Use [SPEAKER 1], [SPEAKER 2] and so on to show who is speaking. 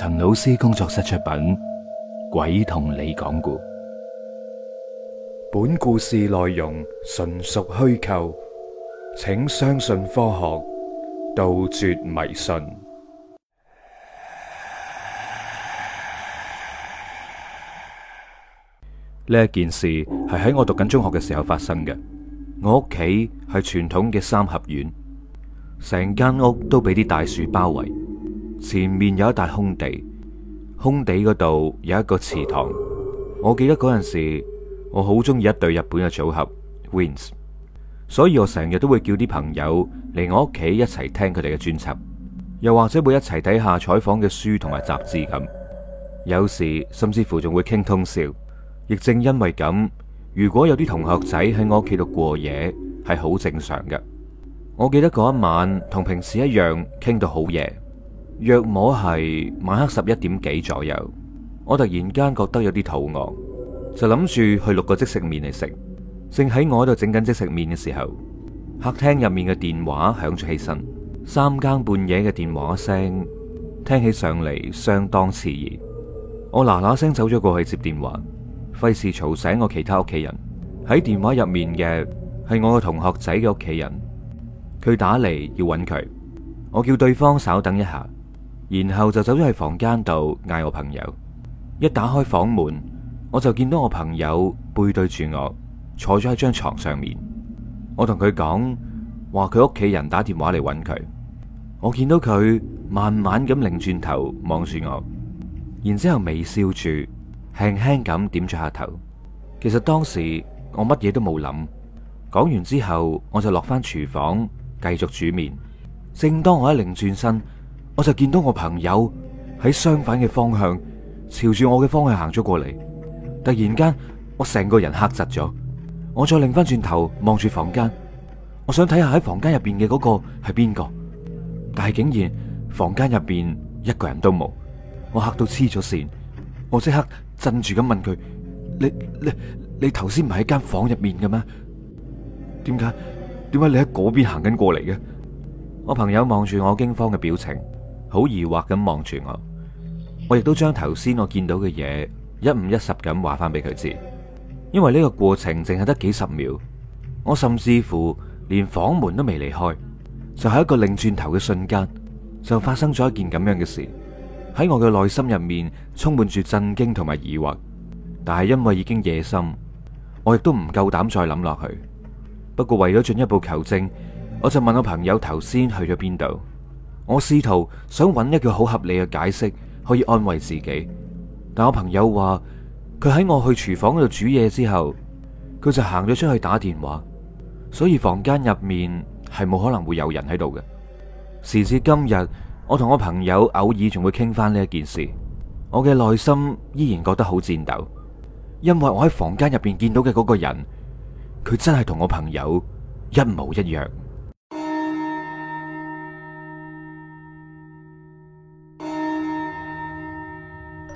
[SPEAKER 1] 陳老師工作室出品《鬼同你講古》，本故事內容純屬虛構，請相信科學，杜絕迷信。呢一件事係喺我讀緊中學嘅時候發生嘅。我屋企係傳統嘅三合院，成間屋都俾啲大樹包圍。前面有一笪空地，空地嗰度有一個祠堂。我記得嗰陣時，我好中意一對日本嘅組合 Wins，所以我成日都會叫啲朋友嚟我屋企一齊聽佢哋嘅專輯，又或者會一齊睇下採訪嘅書同埋雜誌咁。有時甚至乎仲會傾通宵。亦正因為咁，如果有啲同學仔喺我屋企度過夜係好正常嘅。我記得嗰一晚同平時一樣，傾到好夜。約摸係晚黑十一點幾左右，我突然間覺得有啲肚餓，就諗住去碌個即食麵嚟食。正喺我度整緊即食麵嘅時候，客廳入面嘅電話響咗起身，三更半夜嘅電話聲聽起上嚟相當刺耳。我嗱嗱聲走咗過去接電話，費事嘈醒我其他屋企人。喺電話入面嘅係我個同學仔嘅屋企人，佢打嚟要搵佢，我叫對方稍等一下。然後就走咗去房間度嗌我朋友。一打開房門，我就見到我朋友背對住我，坐咗喺張床上面。我同佢講話，佢屋企人打電話嚟揾佢。我見到佢慢慢咁擰轉頭望住我，然之後微笑住，輕輕咁點咗下頭。其實當時我乜嘢都冇諗。講完之後，我就落翻廚房繼續煮麵。正當我一擰轉身。我就見到我朋友喺相反嘅方向，朝住我嘅方向行咗過嚟。突然間，我成個人吓窒咗。我再擰翻轉頭望住房間，我想睇下喺房間入邊嘅嗰個係邊個，但係竟然房間入邊一個人都冇。我吓到黐咗線，我即刻震住咁問佢，你你你頭先唔係喺間房入面嘅咩？點解？點解你喺嗰邊行緊過嚟嘅？我朋友望住我驚慌嘅表情。好疑惑咁望住我，我亦都將頭先我見到嘅嘢，一五一十咁話翻俾佢知。因為呢個過程淨係得幾十秒，我甚至乎連房門都未離開，就喺一個擰轉頭嘅瞬間，就發生咗一件咁樣嘅事。喺我嘅內心入面充滿住震驚同埋疑惑，但係因為已經夜深，我亦都唔夠膽再諗落去。不過為咗進一步求證，我就問我朋友頭先去咗邊度。我試圖想揾一個好合理嘅解釋，可以安慰自己。但我朋友話佢喺我去廚房嗰度煮嘢之後，佢就行咗出去打電話，所以房間入面係冇可能會有人喺度嘅。時至今日，我同我朋友偶爾仲會傾翻呢一件事，我嘅內心依然覺得好顫抖，因為我喺房間入邊見到嘅嗰個人，佢真係同我朋友一模一樣。